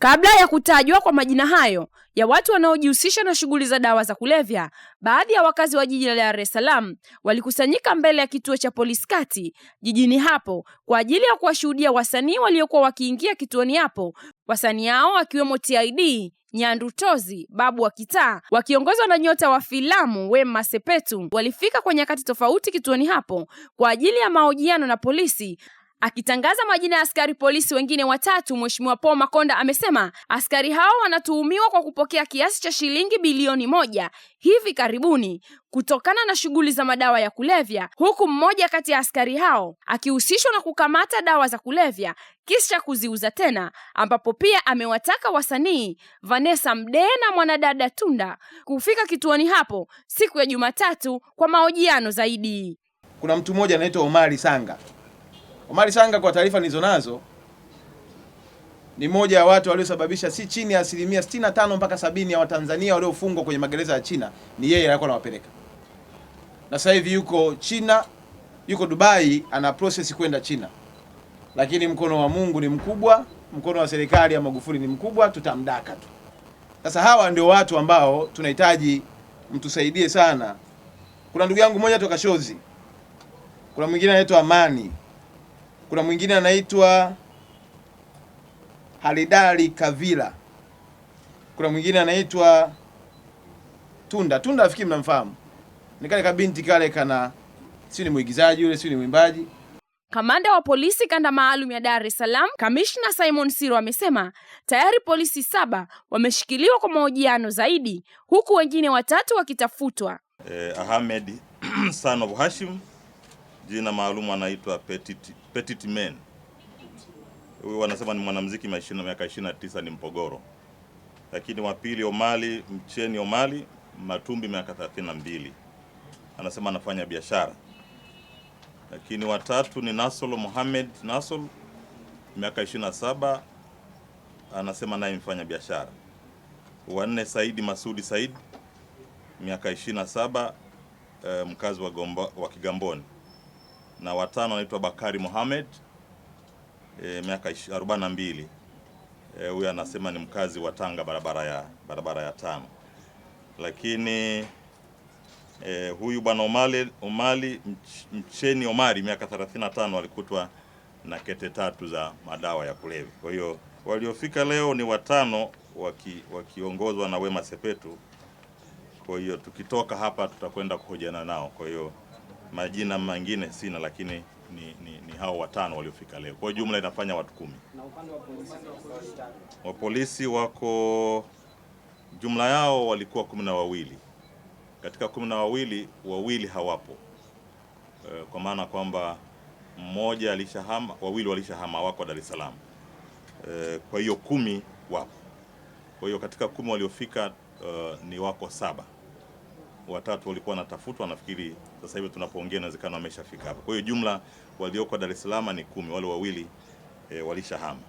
Kabla ya kutajwa kwa majina hayo ya watu wanaojihusisha na shughuli za dawa za kulevya, baadhi ya wakazi wa jiji la Dar es Salaam walikusanyika mbele ya kituo cha polisi kati jijini hapo kwa ajili ya kuwashuhudia wasanii waliokuwa wakiingia kituoni hapo, wasanii hao wakiwemo TID Nyandu Tozi, Babu wa Kitaa wakiongozwa na nyota wa filamu Wema Sepetu walifika kwa nyakati tofauti kituoni hapo kwa ajili ya mahojiano na polisi Akitangaza majina ya askari polisi wengine watatu, Mheshimiwa Paul Makonda amesema askari hao wanatuhumiwa kwa kupokea kiasi cha shilingi bilioni moja hivi karibuni kutokana na shughuli za madawa ya kulevya, huku mmoja kati ya askari hao akihusishwa na kukamata dawa za kulevya kisha kuziuza tena, ambapo pia amewataka wasanii Vanessa Mdee na mwanadada Tunda kufika kituoni hapo siku ya Jumatatu kwa mahojiano zaidi. Kuna mtu mmoja anaitwa Omari Sanga Omari Sanga kwa taarifa nazo ni moja ya watu waliosababisha si chini ya asilimia 65 mpaka sabini ya Watanzania waliofungwa kwenye magereza ya China ni yeye alikuwa anawapeleka. Na sasa hivi yuko China, yuko Dubai ana process kwenda China, lakini mkono wa Mungu ni mkubwa, mkono wa serikali ya Magufuli ni mkubwa, tutamdaka tu. Sasa hawa ndio watu ambao tunahitaji mtusaidie sana. Kuna ndugu yangu mmoja toka Shozi, kuna mwingine anaitwa Amani. Kuna mwingine anaitwa Halidari Kavila, kuna mwingine anaitwa Tunda Tunda, afikiri mnamfahamu, ni kale kabinti kale, kana si ni mwigizaji yule, si ni mwimbaji Kamanda wa polisi kanda maalum ya Dar es Salaam, Kamishna Simon Siro amesema tayari polisi saba wameshikiliwa kwa mahojiano zaidi huku wengine watatu wakitafutwa. Eh, Ahmed Son of Hashim jina maalum anaitwa Petit, Petit Man. Huyu wanasema ni mwanamuziki miaka 29, ni Mpogoro. Lakini wa pili Omali Mcheni Omali Matumbi, miaka 32, anasema anafanya biashara. Lakini watatu ni Nasolo Mohamed Nasol, miaka 27, anasema naye mfanya biashara. Wanne Saidi Masudi Said, miaka 27, eh, mkazi wa, wa Kigamboni na watano anaitwa Bakari Mohamed e, miaka 42 e, huyu e, anasema ni mkazi wa Tanga barabara ya, barabara ya tano. Lakini e, huyu bwana Omali, Omali Mcheni Omari miaka 35 alikutwa na kete tatu za madawa ya kulevya. Kwa hiyo waliofika leo ni watano wakiongozwa waki na Wema Sepetu. Kwa hiyo tukitoka hapa tutakwenda kuhojiana nao. Kwa hiyo majina mengine sina, lakini ni, ni, ni hao watano waliofika leo, kwa jumla inafanya watu kumi. Na upande wa polisi, wa polisi wako jumla yao walikuwa kumi na wawili. Katika kumi na wawili wawili hawapo, e, kwa maana kwamba mmoja alishahama, wawili walishahama, wako Dar es Salaam. E, kwa hiyo kumi wapo. Kwa hiyo katika kumi waliofika e, ni wako saba watatu walikuwa wanatafutwa. Nafikiri sasa hivi tunapoongea inawezekana wameshafika hapa. Kwa hiyo jumla walioko Dar es Salaam ni kumi, wale wawili e, eh, walishahama.